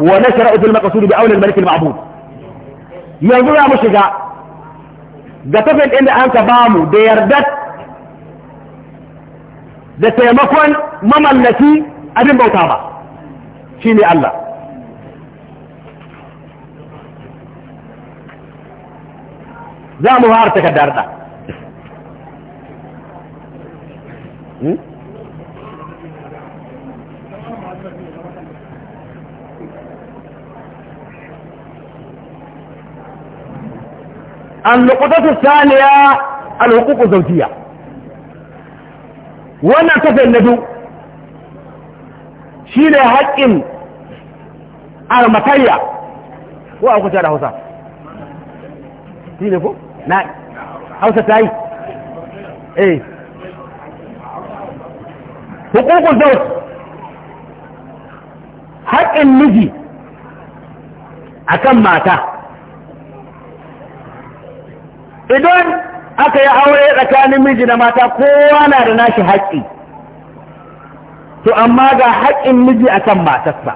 هو نشر اذ المقصود باول الملك المعبود يلزم يا مشجع جتفل ان انت بامو ديردت da taimakon mamallaki abin bauta ba shi ne Allah za mu har takardar ɗan annukutattu saniya alhukuku zautiya wannan tafiyar na duk shi ne haƙƙin armatayya ko a kusa da hausa shi ne haƙƙin miji akan mata idan aka yi aure tsakanin miji da mata kowa na da nashi haƙƙi to amma ga haƙƙin miji akan matarsa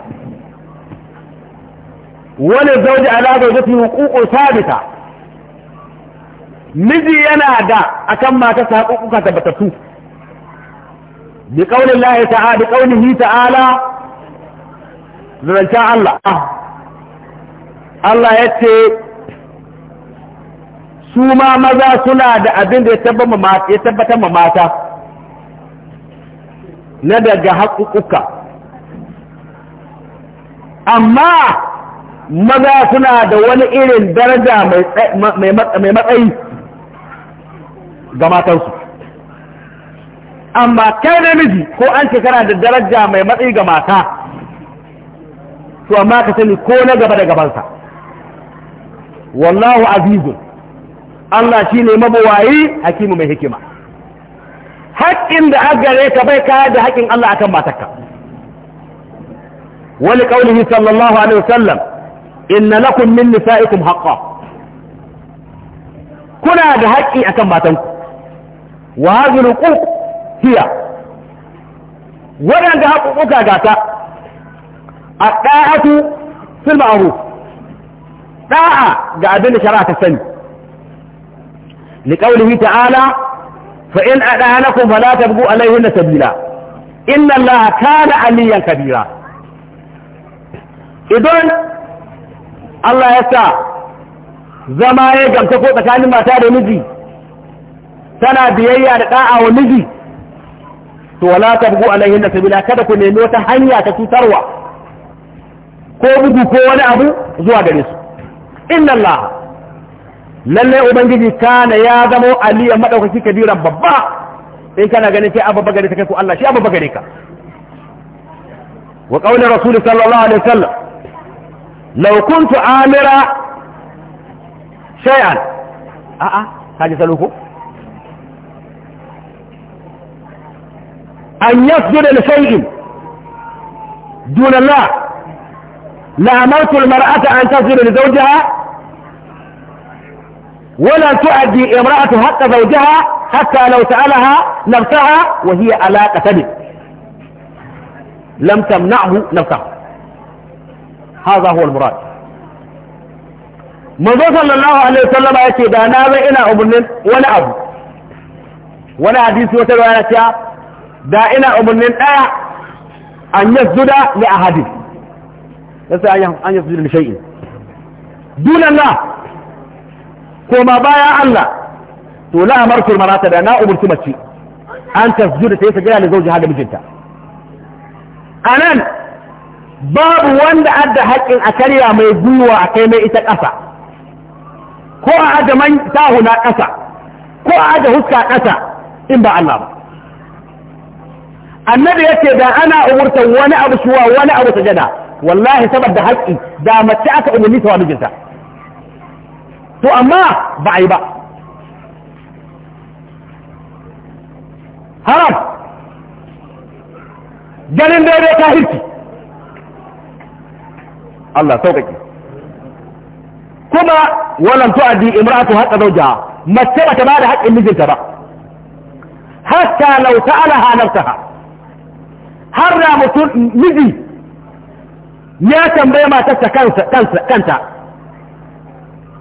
wani zauji ala zaujati hukuku sabita miji yana da akan matarsa hukuka tabbatattu bi qaulin lahi ta'ala bi hi ta'ala zancen Allah Allah ya ce. su ma maza suna da abin da ya tabbatar ma mata na daga haƙuƙuka amma maza suna da wani irin daraja mai matsayi ga matansu amma kai namiji ko an ce kana da daraja mai matsayi ga mata to amma ka sani ko na gaba da gabansa wallahu azizun Allah shi ne mabuwayi hakimu mai hikima haƙƙin da aka gare ka bai kaya da haƙƙin Allah akan matarka wani kaulihi sallallahu alaihi wasallam inna lakum min nisa'ikum haqqan kuna da haƙƙi akan matanku wa hadhihi huquq hiya wadanda haƙuƙuka gata a ɗa'atu fil ma'ruf da'a ga abin da shari'a ta sani لقوله تعالى فإن أدانكم فلا تبقوا عليهن سبيلا إن الله كان عليا كبيرا إذن الله يسا zama ya gamta ko tsakanin mata da miji tana biyayya da da'a wa miji to wala tabgu alaihin sabila kada ku nemi wata hanya ta cutarwa ko bugu ko wani abu zuwa gare su inna allaha lalle ubangiji kana ya zamo aliyan madaukaki kabiran babba in kana ganin sai abba gare ka ko Allah shi abba gare ka wa qawli rasul sallallahu alaihi wasallam law kuntu amira shay'an a a kaji saluko an yasjuda li shay'in duna Allah la amartu al-mar'ata an tasjuda li zawjiha ولا تؤدي امرأة حق زوجها حتى لو سألها نفسها وهي على قتله لم تمنعه نفسها هذا هو المراد manzo sallallahu alaihi wasallam ya ce da na zai ina abu wani hadisi wata riwaya ta da ina umurnin daya an yasjuda li ahadin sai an koma bayan Allah to la amartul marata da na umurci mace an tasjuda ta yi sajada da zauji hada mijinta anan babu wanda adda haƙƙin a karya mai gwiwa a kai mai ita ƙasa ko a aje man tahu na ƙasa ko a aje huska ƙasa in ba Allah ba annabi yace da ana umurtan wani abu shuwa wani abu sajada wallahi saboda haƙƙi da mace aka umurni ta wa mijinta to amma ba a yi ba haram ganin daidai ta hirki Allah sauƙaƙi kuma walan tu'addi imra'atu haqqa zawjiha mace ba ta ba da haƙƙin mijinta ba hatta law ta'ala ha har da mutum miji ya tambaye matarsa kansa kansa kanta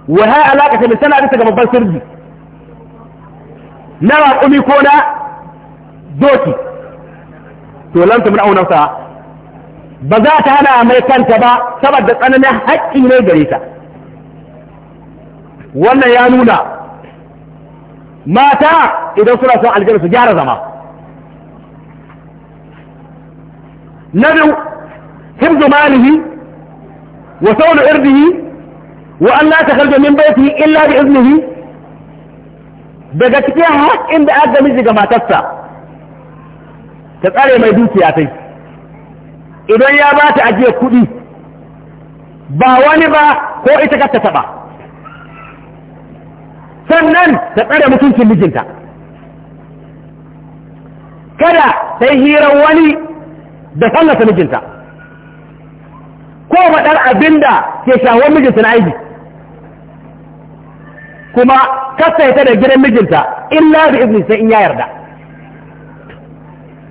wa ha alaka ta tana bisa ga babban sirri na raƙumi ko na doki to lam tumna auna nafsa ba za ta hana mai kanta ba saboda tsananin haƙƙi ne gare ta wannan ya nuna mata idan suna son aljanna su gyara zama na biyu hibzu malihi wa sauna irdihi wa Allah ta kalbe min baiti illa bi daga cikin haƙƙin da aka miji ga matarsa ta tsare mai dukiya sai idan ya ba ta ajiye kuɗi ba wani ba ko ita ka ta taɓa sannan ta tsare mutuncin mijinta kada ta yi hirar wani da sallata mijinta ko faɗar abin da ke shawar mijinta na aiki kuma kasaita da gidan mijinta illa bi izini sai in ya yarda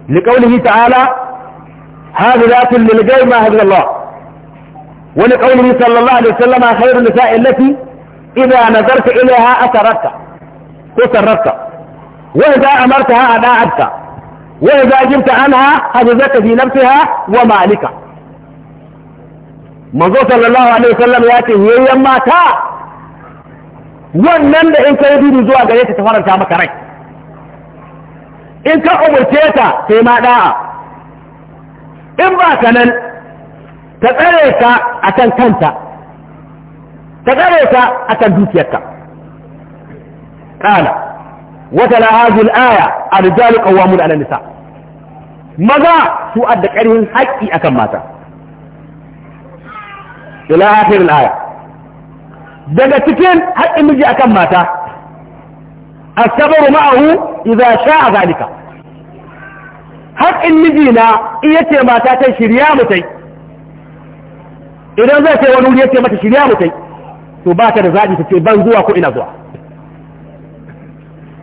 liƙaunihi ta'ala haziratun lilgai ma hazallah wani ƙaunihi sallallahu alaihi wasallama khairun nisa'in lati idza nazarta ilaiha asararta ko sararta وإذا أمرتها أداعتك وإذا جبت عنها حجزت في نفسها ومالك manzo sallallahu alaihi wasallam ya ce yayyan mata wannan da in kai dudu zuwa gare ta faranta maka rai in ka umurce ta sai ma da'a in ba ka nan ta tsare ka akan kanta ta tsare ka akan dukiyarka qala wata tala aya ar-rijalu qawwamun 'ala nisa maza su adda ƙarfin haƙƙi akan mata ila akhirin aya daga cikin haƙƙin miji akan mata asabaru ma'ahu idza sha'a zalika haƙƙin miji na iya ce mata ta shirya mutai idan zai ce wani wuri ya ce mata shirya mutai to ba ta da zaɓi ta ce ban zuwa ko ina zuwa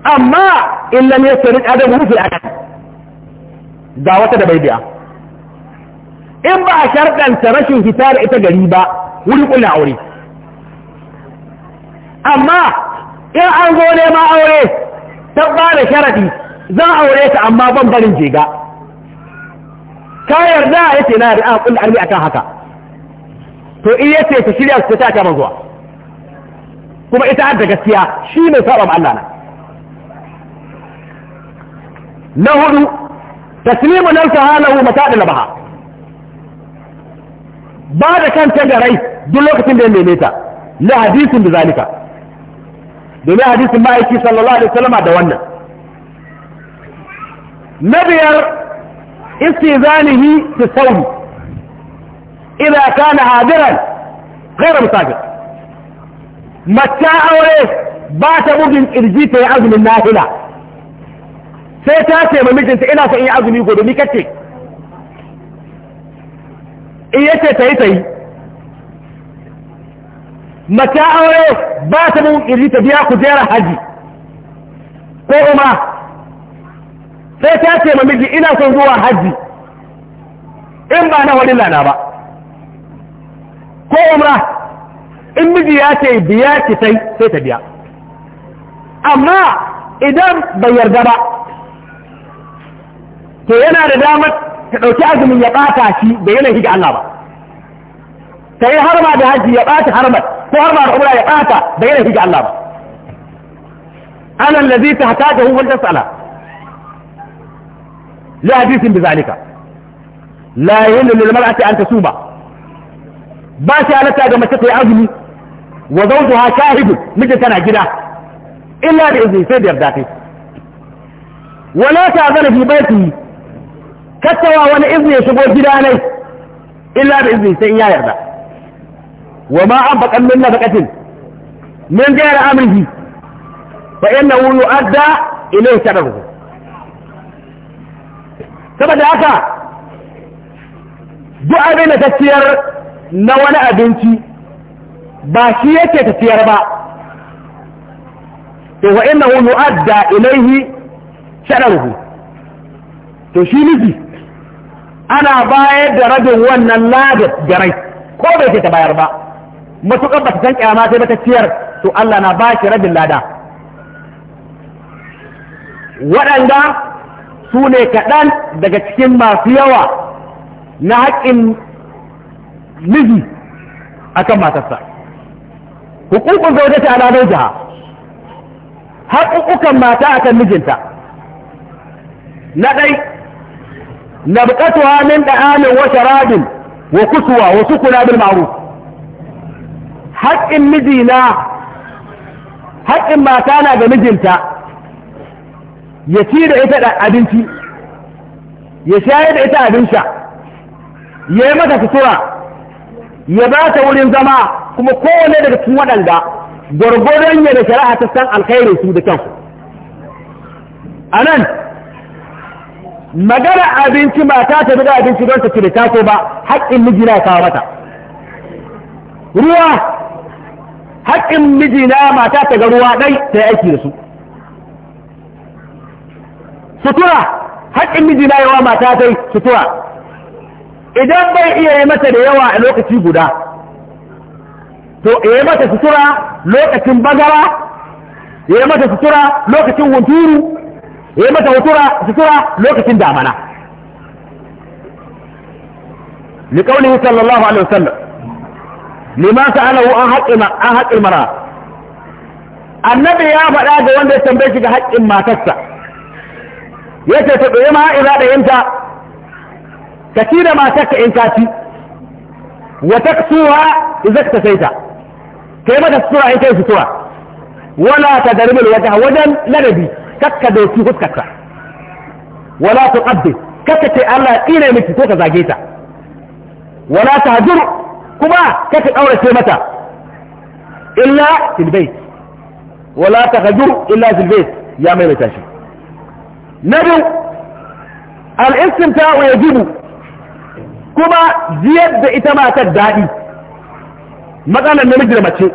amma in lam yasri adamu fi al-adab ga wata da bai biya in ba a sharɗanta rashin hita da ita gari ba wuri ƙulla aure amma in an zo nema aure ta ba da sharaɗi zan aure ta amma ban barin jega Ta yarda ya ce na yarda a ƙulla armi akan haka to in ya ce ta shirya su ta ta zuwa kuma ita da gaskiya shi ne saba Allah na na hudu taslimu nan ta halahu mata da labaha ba da kanta da rai duk lokacin da ya neme ta la hadisin da zalika domin hadisin ma'aiki sallallahu alaihi wasallam da wannan na biyar istizanihi fi sauni idan kana hadiran ghairu musafir matta aure ba ta bugin kirji ta yi azumin nafila sai ta ce ma mijinta ina son yi azumi gobe ni kace in yace ta yi ta yi mata aure ba ta mun iri ta biya ku jera haji ko kuma sai ta ce ma miji ina son zuwa haji in ba na wani lana ba ko umra in miji ya ce biya ki sai sai ta biya amma idan bai yarda ba to yana da damar ta ɗauki azumin ya ɓata shi da yanayi ga Allah ba ta yi harma da hajji ya ɓata harmar ko harma da umra ya ɓata da yanayi ga Allah ba ana lazi ta hata da hukun tasala li hadisin bi zalika la yahillu lil mar'ati an tasuba ba shi halatta ga mace ta yi azumi wa zawjuha shahidun mijin tana gida illa da izini sai da yarda kai wala ta zana fi baiti kattawa wani izini ya shigo gida nai illa da izini sai ya yarda wa ma an faƙan min na faƙatin min gayar amurki fa yana wuyu adda ilai sadarku saboda haka duk abin da ta ciyar na wani abinci ba shi yake ta ciyar ba to wa yana wuyu adda ilaihi sadarku to shi miji ana bayar da rabin wannan ladar garai ko bai ce ta bayar ba matuƙar ba ta san kyama sai ba ta ciyar to Allah na ba shi rabin lada waɗanda su ne kaɗan daga cikin masu yawa na haƙƙin miji akan matarsa hukukun zaujata ala zaujaha haƙuƙukan mata akan mijinta na ɗai نبقتها من دعام وشراب وكسوة وسكنا بالمعروف حق مزينا حق ما كان بمجنتا يسير إتا أبنتي يشاهد إتا أبنشا يمتا كسرة يبات ولن زما كما كون لدك سمودان دا gwargwadon yana shari'a ta san alkhairin su da kansu a nan magana abinci ba ta tafi da abinci don ta cire tako ba haƙƙin miji na kawo mata ruwa haƙƙin miji na mata ta ga ruwa ɗai ta yi aiki da su sutura haƙƙin miji na yawa mata ta yi sutura idan bai iya yi mata da yawa a lokaci guda to yi mata sutura lokacin bagara yi mata sutura lokacin hunturu ya eh, yi mata sutura lokacin damana li qawlihi sallallahu alaihi wasallam lima sa'alahu an haqqi an haqqi mara annabi ya faɗa ga wanda ya tambaye shi ga haƙƙin matarsa yace ta tsaye ma iza da yanta ka ci da matarka in ka ci wa taksuha idza ka saita kai mata sutura in kai sutura wala ta darbil wajha wajen ladabi kakka su fuskarta wala ku qabbi kakka ce Allah tsire miki ko ka zage ta wala ta tahjur kuma kakka kaurace mata illa fil wala ta tahjur illa fil ya mai mata shi nabi al ya jibu kuma ziyar da ita matar daɗi matsalar namiji da mace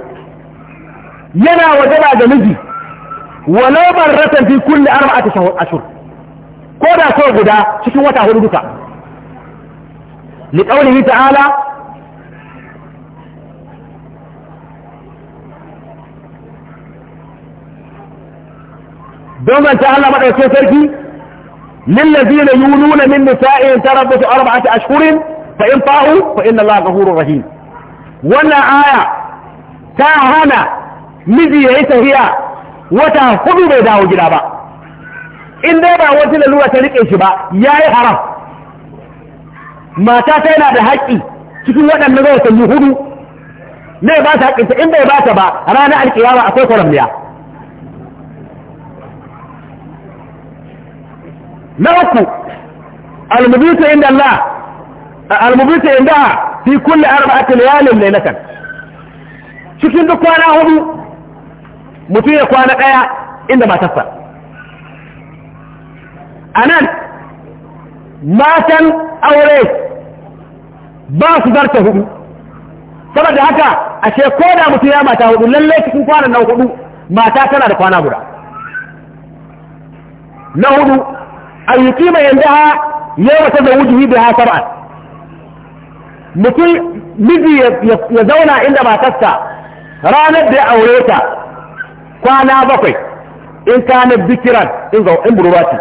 yana wajaba da miji ولا مرة في كل أربعة شهور أشهر كودا كودا كودا شكو وطا هلوكا لقوله تعالى دوما تعالى مدى سيسركي للذين يولون من نسائهم تربت أربعة أشهر فإن طاهوا فإن الله غفور رحيم ولا آية تاهنا مذي عيسى هي wata hudu bai dawo gida ba in dai ba wata lalura ta rike shi ba ya yi haram mata ta yana da haƙƙi cikin waɗannan zai sanyi hudu ne ba ta haƙƙinta in bai ba ta ba ranar alƙiyama akwai kwaramniya na uku almubita inda Allah almubita inda fi kulli arba'ati layalin laylatan cikin duk kwana hudu mutum ya kwana ɗaya inda matarsa a nan matan aure ba su zarta hudu saboda haka a ko da mutum ya mata hudu lallai cikin kwanan nan hudu mata tana da kwana guda na hudu yi kima yanzu ha wata da zawujihi da ha sab'an mutum miji ya zauna inda matarsa ranar da ya aure ta kwana bakwai in kana bikiran in zau in burwati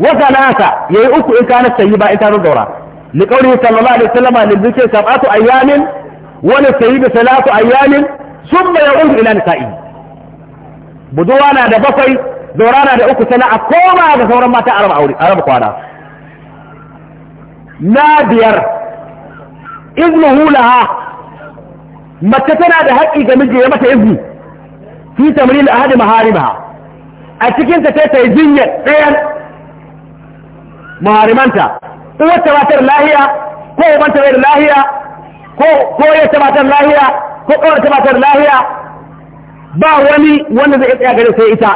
wa salasa yayi uku in sayi ba in ta zaura Ni qawli sallallahu alaihi wasallam lil bikri sab'atu ayamin wani sayi da salatu ayamin thumma ya'ud ila nisa'i buduwa na da bakwai zaura na da uku sana a koma ga sauran mata araba aure araba kwana na biyar iznuhu laha mace tana da haƙƙi ga miji ya mata izini fi tamrin ahadi maharima a cikin ta sai ta yi jinyar tsayar maharimanta in wata matar lahiya ko ubanta bai lahiya ko ya matar lahiya ko kawai ta matar lahiya ba wani wanda zai tsaya gare sai ita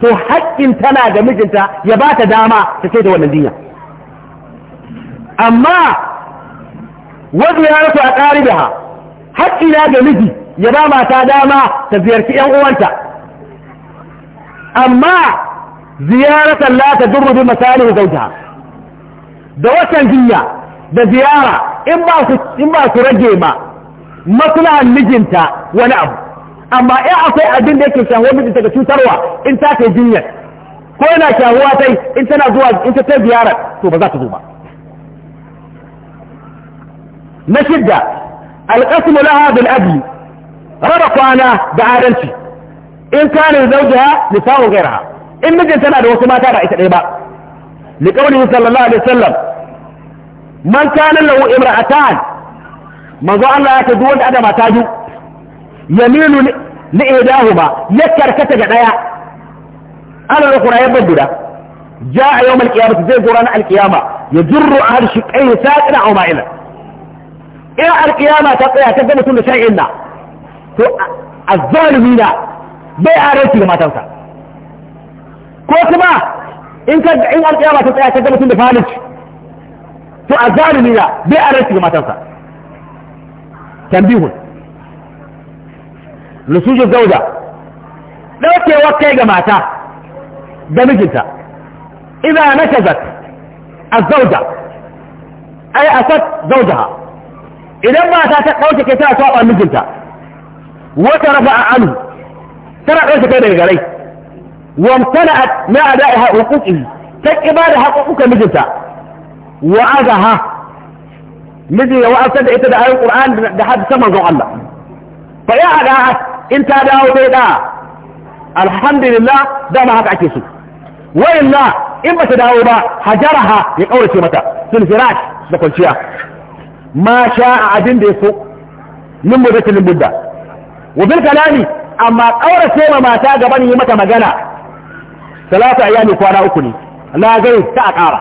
to haƙƙin tana da mijinta ya ba ta dama ta ce da wannan jinya amma wasu ya rasu a ƙari da ha haƙƙi na ga miji ya ba mata dama ta ziyarci ‘yan uwanta amma ziyaratar la ta durru bi misali zauta da watan jinya da ziyara in ba su rage ma maslahan mijinta wani abu amma in akwai abin da yake shahuwar mijinta ga cutarwa in ta kai jinyar ko yana shahuwa ta in tana zuwa in ta ta ziyarar to ba za ta zo ba na shidda alƙasmu laha bil abi ربك أنا بعادنتي إن كان زوجها نساء غيرها إن مجل تنادي وسما تارا إيسا إيبا لقوله صلى الله عليه وسلم من كان له إمرأتان من ذو الله يتدون أنا ما تاجو يميل لإيداهما يكر كتك نيا أنا لقنا يبدو ده جاء يوم القيامة زي قرانا القيامة يجر أهل الشكعين ساكنا أو ما إلا إلى القيامة تقيا تقيا تقيا تقيا تقيا to azzalumi na bai adalci ga matansa ko kuma in ka in alƙiyama ta tsaya ta ga mutum da falic to azzalumi na bai adalci ga matansa tambihun nusujin zauda ɗaukewar kai ga mata da mijinta idan nakazat azzauda ai asat zaujaha idan mata ta ɗauke kai tana saba mijinta wata rafa'a anhu tana ɗauke kai daga garai wamtana'at ma ada'iha huquqihi ta kiba da haƙoƙuka mijinta ha? miji ya wa'azar da ita da ayin Qur'an da hadisa manzon Allah fa ya hada in ta dawo bai da alhamdulillah da haka ake so wa illa in ba ta dawo ba hajaraha ya ƙaurace mata sun firash da kwanciya ma a abin da ya so min budda. wabil kalami amma ƙaurace ma mata gaban yi mata magana salatu ayyami kwana uku ne na zai ta a ƙara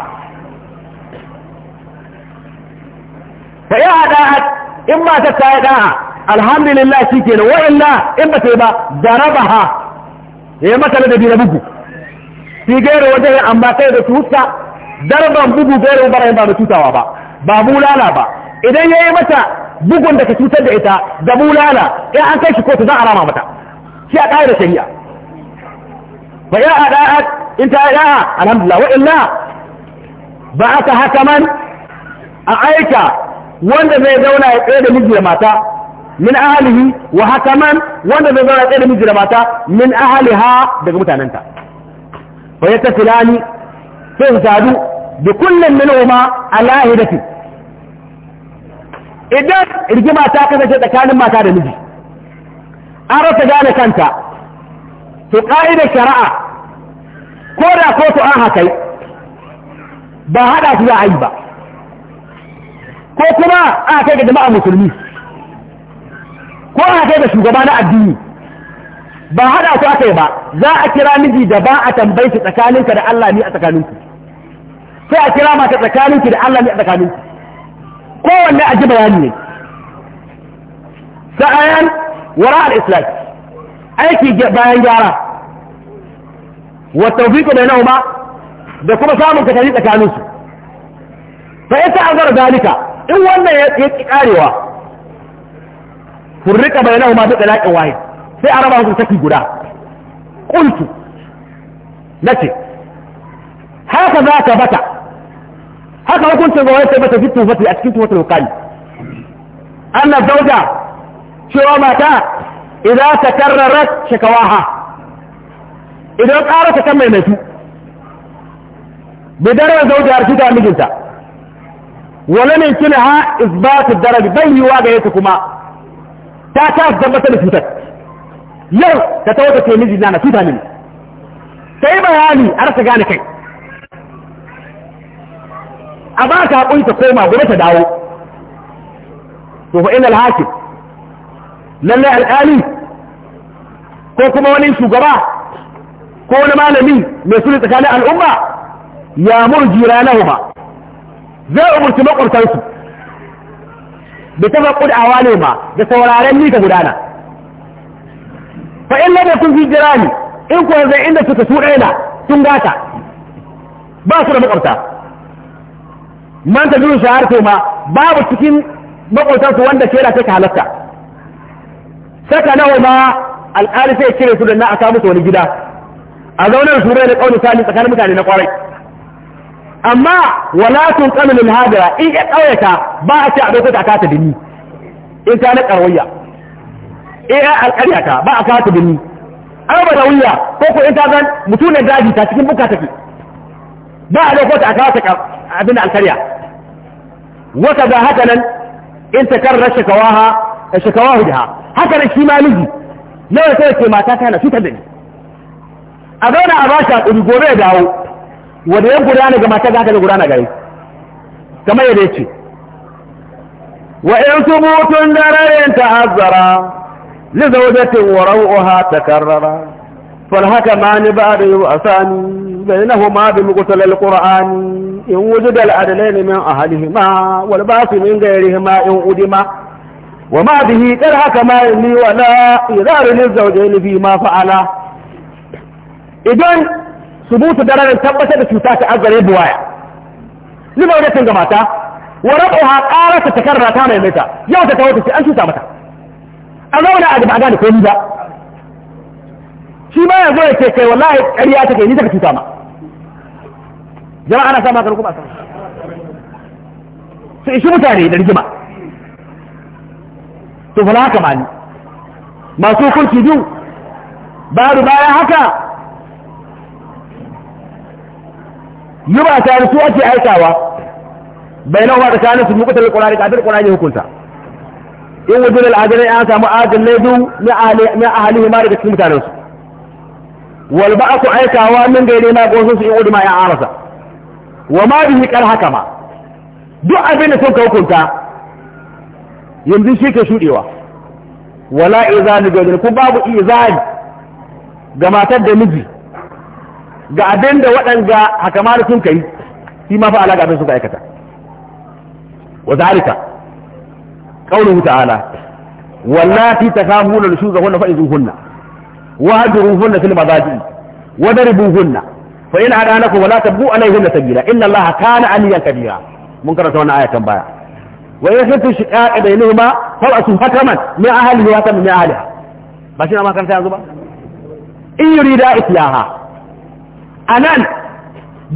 fa ya haɗa in ba ta ta yi alhamdulillah shi ke da na, in ba sai ba daraba ha ya yi mata ladabi na bugu shi gairu wajen amma sai da tusa darban bugu gairu bara yin ba da tutawa ba ba bulala ba idan ya yi mata bugun da ka cutar da ita da bulala in an kai shi kotu za a rama mata shi a ƙa'idar shari'a Ba ya a da'a in ta da'a alhamdulillah wa illa ba aka hakaman a aika wanda zai zauna ya tsaye da miji da mata min ahalihi wa hakaman wanda zai zauna ya tsaye da miji da mata min ahaliha daga mutanenta Ba ya tasilani sai su sadu bi kullum minhuma ala hidatin idan rigima ta kasance tsakanin mata da miji an rasa gane kanta to ƙa'idar shari'a ko da kotu an hakai ba haɗa su za a yi ba ko kuma a kai ga jama'a musulmi ko a kai ga shugaba na addini ba haɗa su aka yi ba za a kira miji da ba a tambayi su tsakaninka da Allah ne a tsakaninku sai a kira mata tsakaninki da Allah ne a tsakaninku كل أجيب يهني سأيان وراء الإسلام أيكي بيان جارة والتوفيق بينهما بكما سامن كتاليس أكانوس فإيسا أغر ذلك إنه أن يتكاريوا فرق بينهما بإلاك واحد سأعرف أنه تكي قدا قلت نتي هكذا كبتأ haka hukuncin gawai sai mata fitin fati a cikin tuwatul hukali anna zauja cewa mata idan ta karrarar shakawaha idan ƙara ta kan maimaitu bidarar Zauja shi ta mijinta wani ne kina ha izbatu darabi bai yiwa ga yake kuma ta ta zambata da cutar yau ta ta wata ce miji na na cuta Ta sai bayani a rasa gane kai a ba ta hakuri ta koma gobe ta dawo to fa inal hakim lalle alƙali ko kuma wani shugaba ko wani malami mai sulhu tsakanin al'umma ya murji ranahuma zai umurci maƙwabtansu da tafaqqud ma. da sauraren ni ta gudana fa in lam kun fi jirani in ko zai inda suka su na sun gata ba su da makwabta man ta biyu shaharto ma babu cikin makwautarsu wanda shaida take halatta saka nawa ma alƙali sai cire su da na a musu wani gida a zaunar su rai da ƙaunin sani tsakanin mutane na kwarai amma wala sun tsamin ilhadira in ya ƙauyata ba a ce a ɗauka a kata dini in ta na ƙarwayya in ya ta ba a kata dini an ba da wuya ko ko in ta zan mutumin daji ta cikin buka take ba a ɗauka ta a kata abin da alƙarya waka ga haka nan in ta karra shakawaha da eh, shakawahu haka nan shi ma miji nawa sai ke mata ta na fitar da ni a zauna a bashi hakuri gobe ya dawo wanda ya gudana ga mata ga haka da gudana gare kamar yadda ya ce wa in subutun darayen ta'azzara لزوجة ورؤها تكرر فالحكمان بعد يؤساني بينهما بمقتل القرآن إن وجد العدلين من أهلهما والباس من غيرهما إن أدما وما به كره كما يلي ولا إذار للزوجين فيما فعلا إذن ثبوت درجة تبت بسوتات أجر بوايا لما وجدت جماعتا ورفعها قارة تكرر تانا يميتا يوم تتوتي في أنشو سامتا أنا ولا أجب أداني كوميزا ذا shi ma yanzu ya ce kai wallahi ƙarya jama'a na sa maganin kuma a sama su ishi mutane da rigima to fa haka ba ni masu hukunci biyu ba baru bayan haka yi ba tare su ake aikawa bai nan wata kanin su mukutar kurari kafin kurari hukunta in wajen al'ajirai an samu adalai biyu na ahalihi ma daga cikin mutanensu wal ba ku aikawa min gaire na gosun su in udu ma ya arasa wa ma bihi kar haka ma duk abin da sun hukunta yanzu shi ke shudewa wala izani ga ku babu izani ga matar da miji ga abin da waɗanda hakamar sun kai shi ma fa alaƙa abin suka aikata wa zalika qauluhu ta'ala wallati takhafuna nushuzahunna fa'izuhunna wa hadruhunna fil madaji wa daribuhunna fa in hadanakum wala tabu alaihim sabila inna allaha kana aliyan kabira mun karanta wannan ayatan baya wa in khiftu shiqaqa bainahuma fa'asu hataman min ahlihi wa hataman min ahliha ba shi na makaranta yanzu ba in yurida islaha anan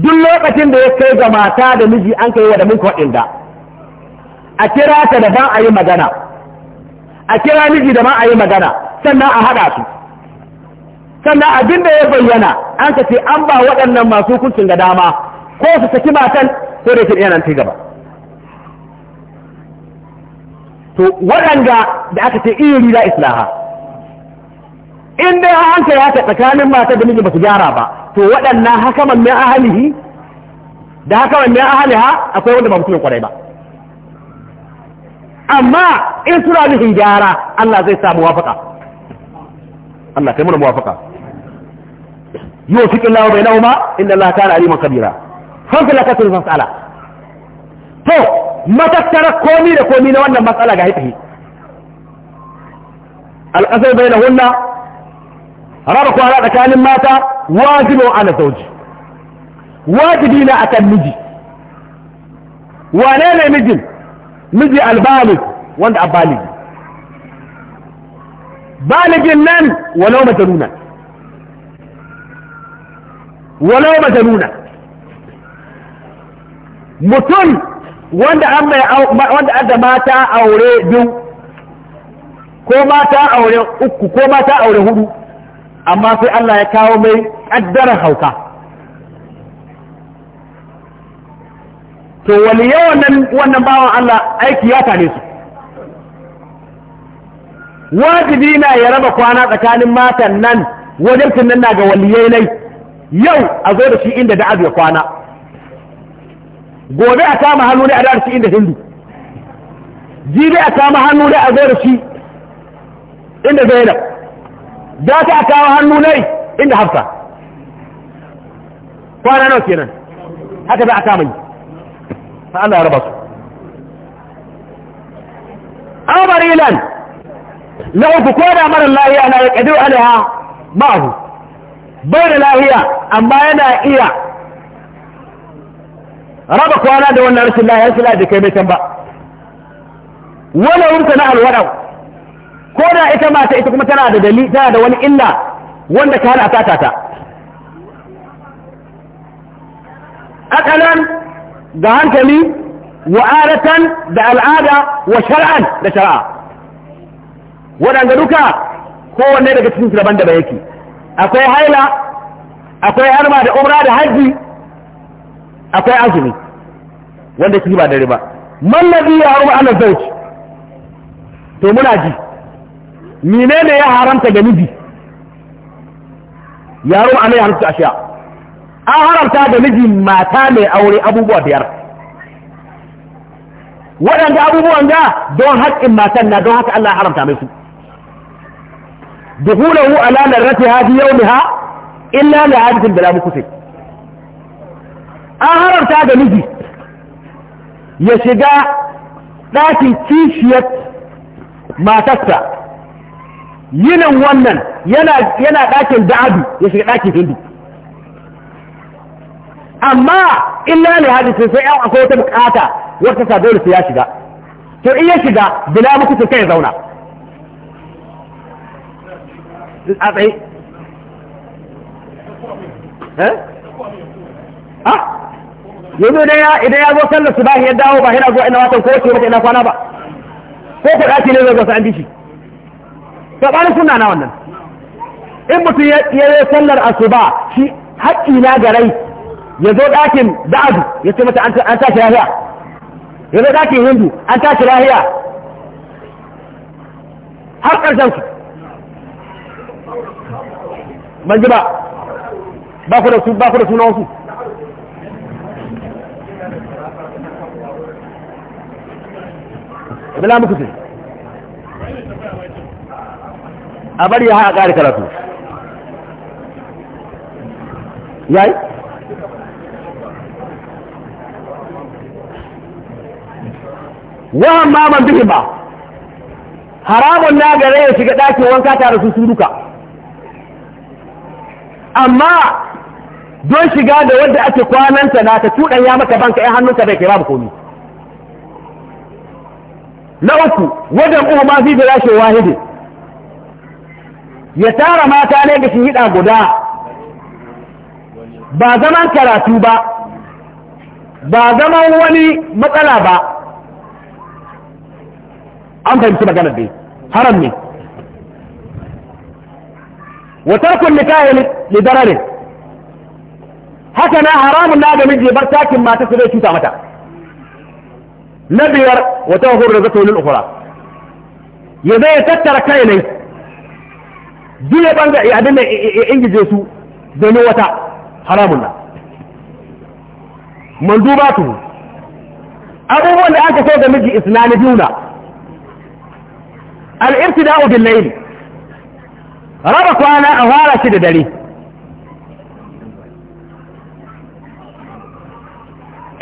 duk lokacin da ya kai ga mata da miji an kai wa da mun kwaɗin da a kira ta a yi magana a kira miji da ban a yi magana sannan a haɗa su sannan abin da ya bayyana an ka ce an ba waɗannan masu hukuncin ga dama ko su saki matan ko da kin yanan gaba to waɗanda da aka ce iri da islaha in dai an ka yata tsakanin mata da miji ba su gyara ba to waɗannan hakaman mai ahalihi da hakaman mai ahaliha akwai wanda ba ya kwarai ba amma in suna nufin gyara Allah zai samu wafaka الله كمل موافقة يوفق الله بينهما إن الله كان عليما كبيرا خمس لك تلك المسألة تو ما تكتر كومي لكومي لو أن المسألة قاعدة هي الأسر بينهن ربك وعلا كان مات واجب على زوج واجبين أتى المجي وانين مجي مجي البالغ وانت البالغ baligin nan walau mata nuna, mutum wanda an mai wanda adda mata aure biyu ko mata aure uku ko mata aure hudu amma sai Allah ya kawo mai kaddarar hauka to waliyan wannan wannan bawan Allah aiki ya tare su wajibi na ya raba kwana tsakanin matan nan wajen nan na ga waliyai nai yau a zo da shi inda da ya kwana gobe a kama hannu ne a da shi inda hindu jibi a kama hannu ne a zo da shi inda zainab za ta a kawo hannu ne inda hafsa kwana nawa kenan haka za a kama yi fa Allah ya raba su amarilan na uku ko da mara lahiya na ya kadiru alaiha ba'ahu bai da lahiya amma yana iya raba kwana da wannan rashin lahiya sila da kai mai ba wani wurta na alwadau ko da ita mata ita kuma tana da dali tana da wani illa wanda ka hana ta ta akalan hankali wa'adatan da al'ada wa shar'an da shara'a. waɗanda duka kowanne daga cikin daban da yake akwai haila akwai harma da umra da hajji akwai azumi wanda shi ba da riba mallabi ya harma ala zauj to muna ji menene ya haramta ga miji ya ruba ala ya haramta ashiya an haramta da miji mata mai aure abubuwa biyar waɗanda abubuwan ga don haƙƙin matan na don haka Allah haramta mai su rati دخوله على لرتها في يومها إلا لعادة بلا An أهرم da miji ya shiga ɗakin kishiyar matarsa yinin wannan yana ɗakin da'adu ya shiga ɗakin hindu amma illa ne hadisin sai yan akwai wata bukata wata sa dole sai ya shiga to in ya shiga bila muku sai kai zauna duk a tsaye ha eh? ah! yanzu idan ya idan ya zo sallar su bahi ya dawo ba yana zuwa ina watan ko wace mata ina kwana ba ko ko daki ne zai zo an bishi sabanin suna na wannan in mutum ya yi sallar asuba shi haƙƙi na garai ya zo ɗakin da'adu ya ce mata an tashi lahiya ya zo ɗakin hindu an tashi lahiya har ƙarshen su ban ji ba ba ku da su ba ku da suna su bila muku ce a bari ya haɗa ƙari karatu yayi wahan maman bihin ba haramun na gare ya shiga ɗakin wanka tare su su duka amma don shiga da wadda ake kwananta na ta tuɗan ya maka banka ‘yan hannunka bai kira ba komi na uku wajen uwa ma fi bila shi wahidi ya tara mata ne da ga shihida guda ba zaman karatu ba ba zaman wani matsala ba an fahimci maganar dai haram ne wa tarkun nikahi li dararin haka na haramun na ga miji bar takin mata su zai cuta mata na biyar wa tawhur da zato lil ukhra ya tattara kai ne duk ya banga ya dinna ingije domin wata haramun na abubuwan da aka so ga miji juna, na al-ibtida'u bil raba kwana a fara shi da dare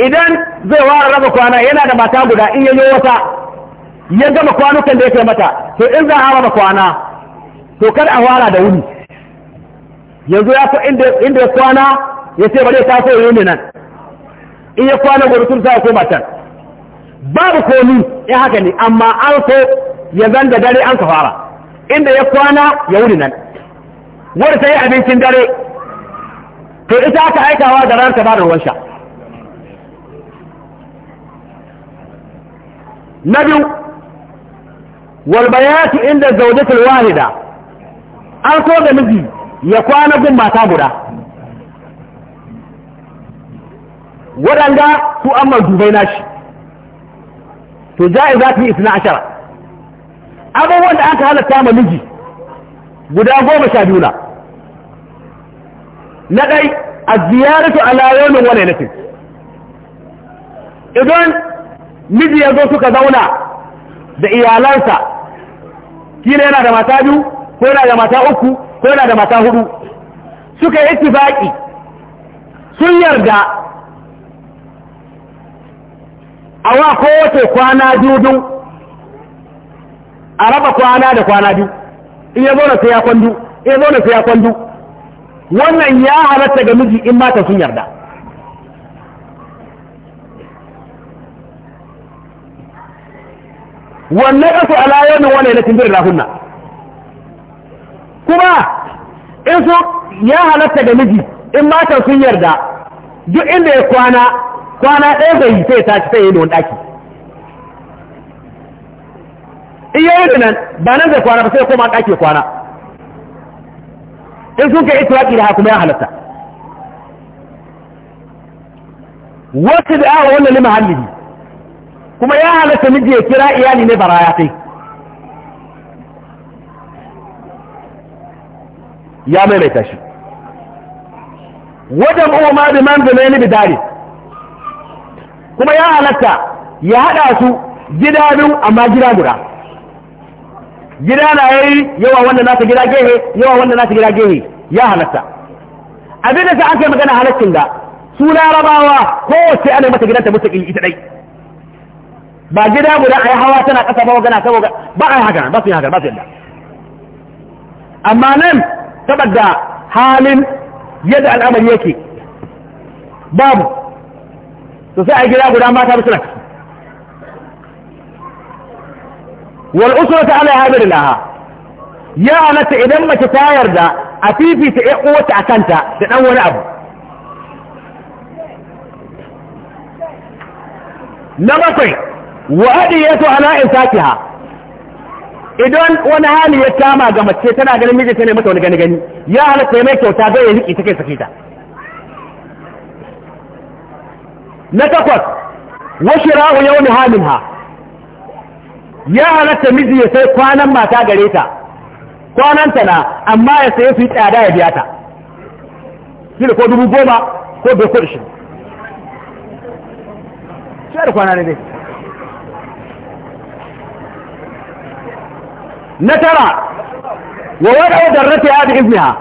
idan zai wara raba kwana yana da mata guda in yayo wata ya gama kwanukan da ya mata to in za a raba kwana to kada a wara da wuri, yanzu ya fi inda ya kwana ya ce bari ya taso ya yi nan in ya kwana gobe tun sai ko can babu komi in haka ne amma an so ya zan da dare an ka fara inda ya kwana ya wuri nan wadda ta yi abincin dare to ita aka aikawa da ranar ba da ruwan sha na biyu walbayatu inda zaujatul wahida an so da miji ya kwana gun mata guda waɗanda su an dubai nashi to ja'i za ta yi isna ashara abubuwan da aka halatta ma miji guda goma sha biyu na na ɗai a ziyaratu ala yawmin wani nufin idan miji ya zo suka zauna da iyalansa kila yana da mata biyu ko yana da mata uku ko yana da mata hudu suka yi ittifaki sun yarda a wa kowace kwana biyu a raba kwana da kwana biyu in ya zauna sai ya kwandu in ya zauna sai ya kwandu wannan ya halatta ga miji in mata sun yarda wannan kasu ala yawmin wani lailatin birra hunna kuma in so ya halatta ga miji in mata sun yarda duk inda ya kwana kwana ɗaya zai yi sai ta ci sai yi da wani ɗaki in yi da nan ba nan zai kwana ba sai ya koma ɗaki kwana in sun kai itiraki da kuma ya halatta wasu da awa wannan lima hallibi kuma ya halatta miji ya kira iyali ne bara ya kai ya maimaita shi wajen uwa ma bi man zama ni bidari kuma ya halatta ya haɗa su gida biyu amma gida guda gida na yayi yawa wanda nasa gida gehe yawa wanda nasa gida gehe ya halatta abin da sai an kai magana halaccin da su larabawa sai ana mata gidanta mustaqil ita dai ba gida guda a yi hawa tana ƙasa ba wagana ta waga ba a yi haka ba su yi haka ba su yadda amma nan saboda halin yadda al'amari yake babu to sai ai gida guda mata musulunci wal usrata ala hamiliha ya halatta idan mace ta yarda a fifita ya uwata a kanta da ɗan wani abu na bakwai wa adiyatu ala insakiha idan wani hali ya kama ga mace tana ganin mijinta ne mata wani gani gani ya halatta mai kyauta ga ya riki take sake ta na takwas wa shira'u yawmi halinha ya halatta miji ya sai kwanan mata gare ta kwananta na amma ya sai su yi tsada ya biya ta shi ko dubu goma ko bai kuɗi shi shi kwana ne dai na tara wa wadda wadda rata ya da izniha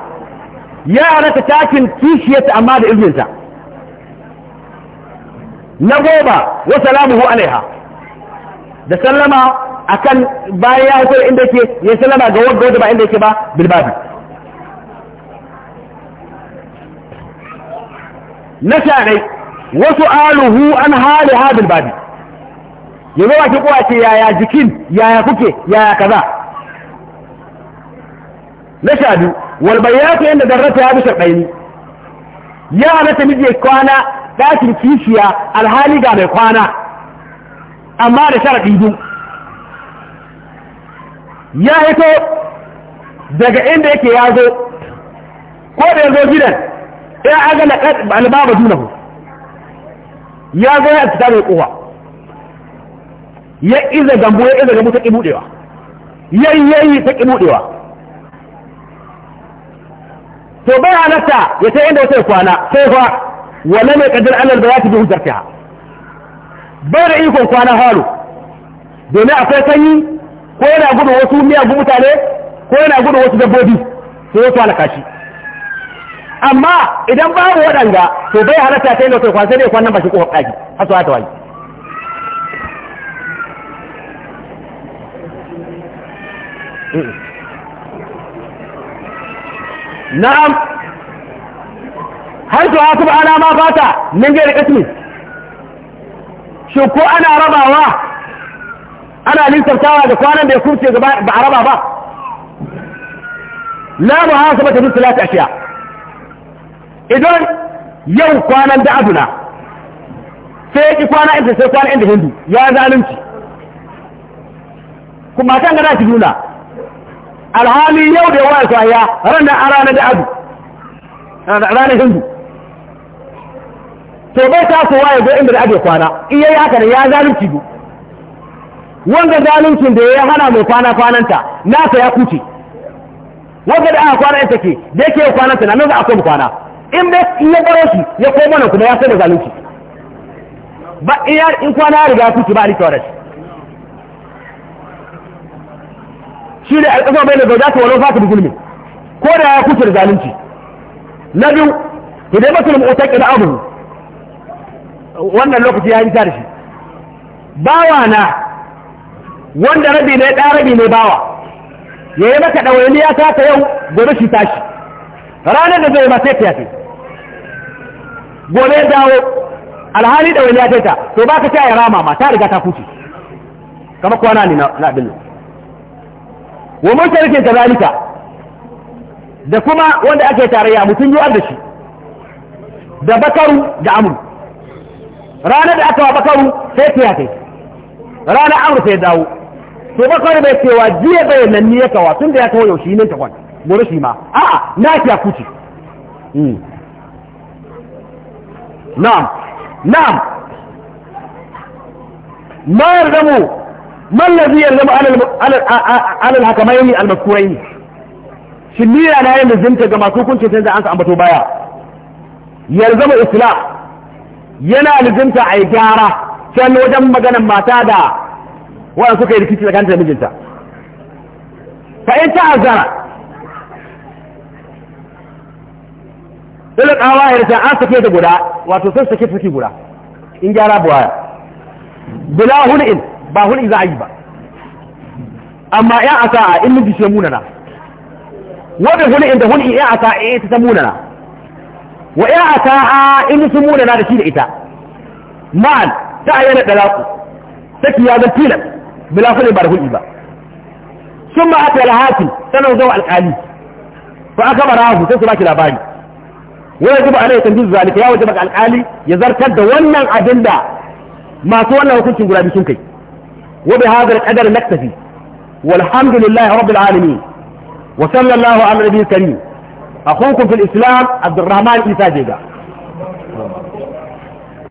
ya halatta takin kishiyarta amma da izininta na goma wa salamuhu alaiha da sallama akan bayan ya haifar inda yake ya sallama ga wanda wanda ba inda yake ba bilbabi na sharai wasu aluhu an hali ha bilbabi ya zo ki kowa ce yaya jikin yaya kuke yaya kaza na sha biyu walbayyatu inda darrata ya bisa sharɗaini ya halatta miji kwana ɗakin kishiya alhali ga mai kwana amma da sharaɗi biyu ya hito daga inda yake ya zo ko da ya zo gidan ya aga na albaba dunahu ya zo ya fita mai kowa ya iza gambo ya iza gambo ta ƙi buɗewa yayyayi ta ƙi buɗewa to bai halatta ya ta inda wata kwana sai fa wala mai kaddar Allah da za ta bi hujjarta bai da ikon kwana halu domin akwai sanyi ko yana gudu wasu miyagun mutane ko yana gudu wasu dabbobi sai wasu halaka shi amma idan babu waɗanda to bai halatta sai da kwan sai dai kwan nan ba shi kofar ɗaki har su hata Na na'am har su hatu ba ana ma fata min da ismi shi ko ana rabawa ana lissaftawa da kwanan da ya kurce ba a raba ba la muhasabata fi salati ashiya idan yau kwanan da aduna sai ki kwana inda sai kwana inda hindu ya zalunci kuma kan gada ki nuna alhali yau da yawa su haya ranar a ranar da adu ranar hindu to bai tasowa ya zo inda da adu ya kwana iya yi haka da ya zalunci biyu wanda zaluncin da ya hana mai kwana kwananta nasa ya kuce wanda da aka kwana ita ke da yake kwananta na nan za a koma kwana in da in ya baro shi ya koma nan kuma ya sai da zalunci ba iya in kwana ya riga kuce ba a rikewa da shi shi da alƙasa bai da gauja ta wani fata da gulmi ko da ya kuce da zalunci na biyu Ku idan mutum otaƙi da abu wannan lokaci ya yi tarihi da shi bawa na wanda rabi ne ɗan rabi ne bawa ya yi maka ɗawainiya ta ta yau gobe shi tashi ranar da zai ba sai ta yafi gobe dawo alhali ɗawainiya ta ta to ba ka ta rama ma ta riga ta kuce kama kwana ne na abin nan wa mun sarki ta zalika da kuma wanda ake tarayya mutum yi da shi da bakaru da amur ranar da aka wa bakaru sai ta yafi ranar amur sai dawo to ba kawai bai cewa jiya bayanan ni ya kawa tun da ya kawo yaushe ne ta kwan gobe shi ma a'a na ki ya kuce hmm. na'am na'am ma yardamu man ladhi alal ala mai hakamaini al-mazkuraini shin ni na yin zinta ga masu hukunci sai an sa ambato baya mu isla yana lizinta a yi gyara can wajen maganan mata da wa'an suka yi rikici tsakanin da mijinta fa'in ta azara ɗin ƙawa ya rasa an sake da guda wato sun sake suke guda in gyara buwaya bila hul'in ba hul'in za a yi ba amma ya a sa’a in miji shi munana wadda hul'in da hul'in ya a sa’a eh, ita ta munana wa ya a sa’a in su munana da shi da ita ma'an ta ayyana ɗalaku saki ya zan tilas bila kulli ba da kuɗi ba sun ma aka alhakim sanan zo alƙali fa aka barahu sai su baki labari wai zuba alai tanjiz zalika ya wajaba alƙali ya zartar da wannan abin da masu wannan hukuncin guda biyu sun kai wa bi hadha alqadar naktafi walhamdulillahi rabbil alamin wa sallallahu ala nabiyil karim akhukum fil islam abdurrahman isa jega